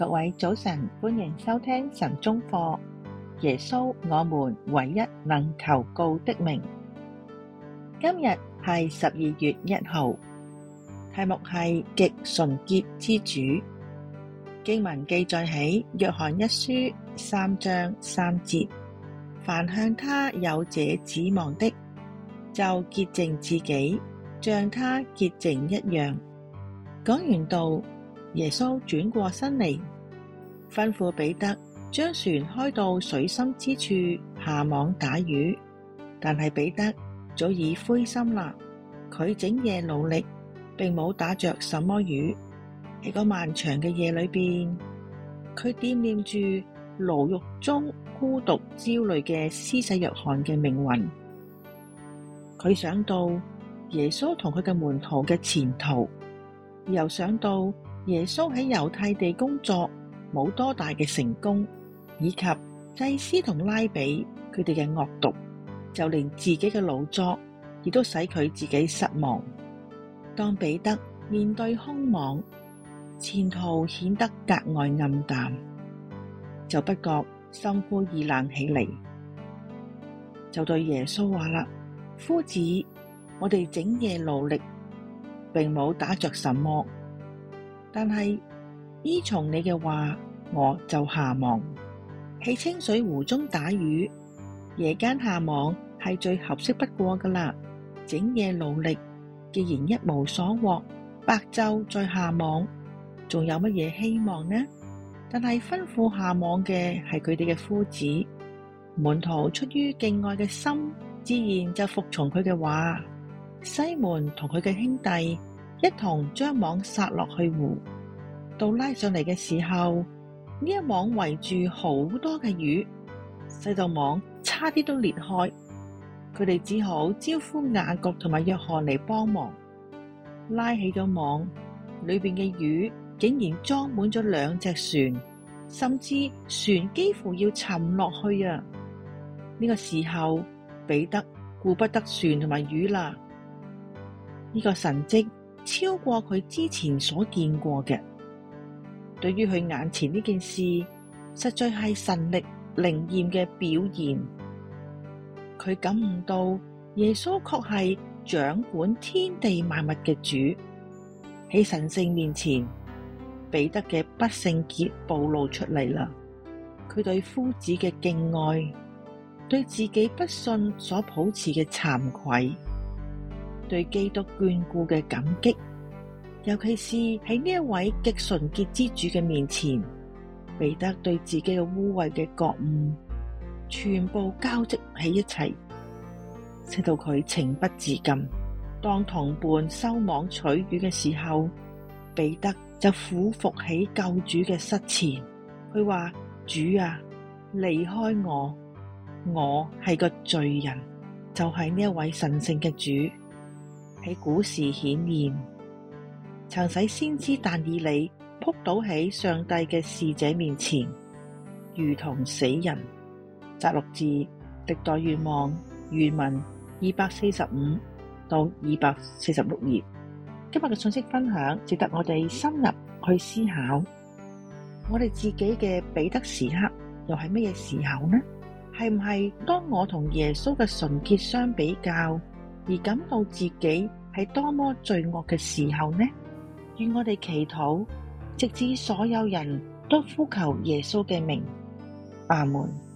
各位早晨，歡迎收聽晨中課。耶穌，我們唯一能求告的名。今日係十二月一號，題目係極純潔之主。經文記載喺約翰一書三章三節，凡向他有這指望的，就潔淨自己，像他潔淨一樣。講完道。耶穌轉過身嚟，吩咐彼得將船開到水深之處下網打魚。但係彼得早已灰心啦，佢整夜努力，並冇打着什麼魚。喺個漫長嘅夜裏邊，佢惦念住牢獄中孤獨焦慮嘅施洗約翰嘅命運。佢想到耶穌同佢嘅門徒嘅前途，又想到。耶穌喺猶太地工作冇多大嘅成功，以及祭司同拉比佢哋嘅惡毒，就連自己嘅老作亦都使佢自己失望。當彼得面對空網，前途顯得格外暗淡，就不覺心灰意冷起嚟，就對耶穌話啦：「夫子，我哋整夜勞力，並冇打着什麼。但係依從你嘅話，我就下網喺清水湖中打魚。夜間下網係最合適不過噶啦。整夜勞力，既然一無所獲，白晝再下網，仲有乜嘢希望呢？但係吩咐下網嘅係佢哋嘅夫子。門徒出於敬愛嘅心，自然就服從佢嘅話。西門同佢嘅兄弟。一同將網撒落去湖，到拉上嚟嘅時候，呢一網圍住好多嘅魚，細到網差啲都裂開。佢哋只好招呼雅各同埋約翰嚟幫忙拉起咗網，裏邊嘅魚竟然裝滿咗兩隻船，甚至船幾乎要沉落去啊！呢個時候，彼得顧不得船同埋魚啦，呢個神迹。超過佢之前所見過嘅，對於佢眼前呢件事，實在係神力靈驗嘅表現。佢感悟到耶穌確係掌管天地萬物嘅主，喺神聖面前，彼得嘅不聖潔暴露出嚟啦。佢對夫子嘅敬愛，對自己不信所抱持嘅慚愧，對基督眷顧嘅感激，尤其是喺呢一位極純潔之主嘅面前，彼得對自己嘅污穢嘅覺悟全部交織喺一齊，使到佢情不自禁。當同伴收網取魚嘅時候，彼得就俯伏喺救主嘅膝前，佢話：主啊，離開我，我係個罪人，就係呢一位神聖嘅主。喺古時顯現，曾使先知但以理撲倒喺上帝嘅使者面前，如同死人。摘錄自《敵待願望》原文二百四十五到二百四十六頁。今日嘅信息分享值得我哋深入去思考，我哋自己嘅彼得時刻又係乜嘢時候呢？係唔係當我同耶穌嘅純潔相比較而感到自己係多麼罪惡嘅時候呢？願我哋祈禱，直至所有人都呼求耶穌嘅名，阿門。